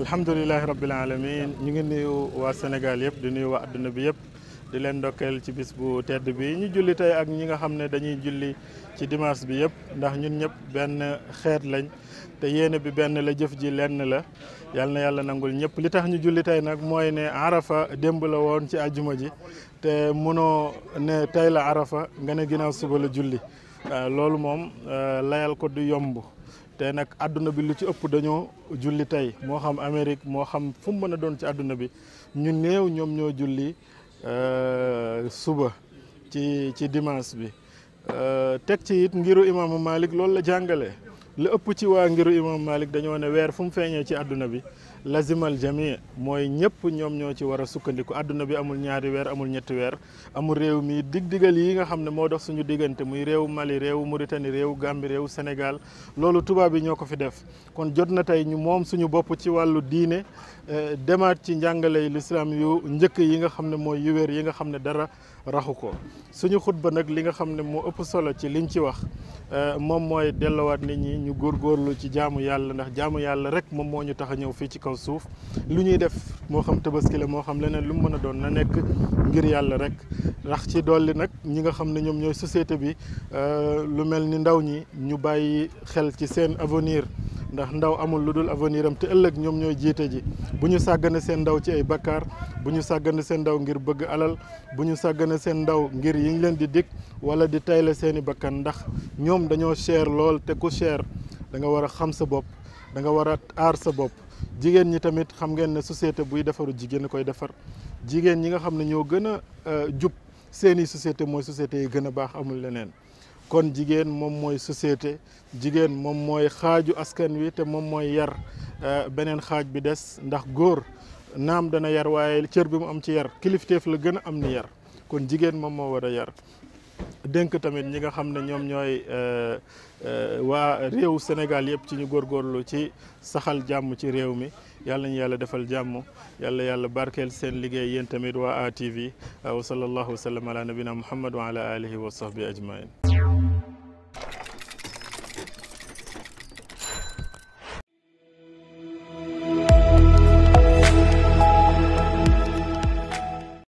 alhamdulilahi rabbil alamin ñu ngi nuyu waa Sénégal yëpp di nuyu waa adduna bi yëpp di leen ndokkeel ci bis bu tedd bi ñu julli tey ak ñi nga xam ne dañuy julli ci dimaas bi yëpp ndax ñun ñëpp benn xeet lañ te yéene bi benn la jëf ji lenn la yal na yàlla nangul ñëpp li tax ñu julli tey nag mooy ne arafa démb la woon ci àjjuma ji te mënoo ne tey la arafa nga ne ginnaaw suba la julli loolu moom euh, layal ko du yomb te nag àdduna bi lu ci ëpp dañoo julli tey moo xam Amérique moo xam fu mu mën a doon ci àdduna bi ñu néew ñoom ñoo julli euh, suba ci ci dimanche bi euh, teg ci it ngiru imaamu Malik loolu la jàngale la ëpp ci waa ngiru imaamu Malik dañoo ne weer fu mu feeñee ci àdduna bi lazimal jami mooy ñëpp ñoom ñoo ci war a sukkandiku àdduna bi amul ñaari weer amul ñetti weer amul réew mii dig-digal yi nga xam ne moo dox suñu diggante muy réew Mali réew Mauritanie réew Gambie réew senegal loolu tubaab yi ñoo ko fi def kon jot na tey ñu moom suñu bopp ci wàllu diine eh, demaat ci njàngale lislaam yu njëkk yi nga xam ne mooy yu wér yi nga xam ne dara raxu ko suñu ba nag li nga xam ne moo ëpp solo ci liñ ci wax eh, moom mooy dellowaat nit ñi ñu góorgóorlu ci jaamu yàlla ndax jaamu yàlla rek moom moo ñu tax a ñëw kaw suuf lu ñuy def moo xam tabaski la moo xam leneen lu mu mën a doon na nekk ngir yàlla rek ndax ci dolli nag ñi nga xam ne ñoom ñooy société bi euh, lu mel ni ndaw ñi ñu bàyyi xel ci seen avenir ndax ndaw amul lu dul avenir am te ëllëg ñoom ñooy jiite ji bu ñu sàggane seen ndaw ci ay bakkaar bu ñu sàggane seen ndaw ngir bëgg alal bu ñu sàggane seen ndaw ngir yi ñu leen di dikk wala di tayle seeni bakkan ndax ñoom dañoo cher lool te ku cher da nga war a xam sa bopp jigéen ñi tamit xam ngeen ne société buy defaru jigéen koy defar jigéen ñi nga xam ne ñoo gën a euh, jub seeni société mooy societé yi gën a baax amul leneen kon jigéen moom mooy société jigéen moom mooy xaaju askan wi te moom mooy yar euh, beneen xaaj bi des ndax góor naam dana yar waaye cër bi mu am ci yar kilifteef la gën a am ni yar kon jigéen moom moo war a yar dénk tamit ñi nga xam ne ñoom ñooy euh, euh, waa réew senegal yëpp ci ñu góor góorlu ci saxal jàmm ci réew mi yàlla ñu yàlla defal jàmm yàlla yàlla barkeel seen liggéey yéen tamit waa ATV wa sallallahu wa sallam ala nabina muhammad wa ala alihi wa sahbi ajmain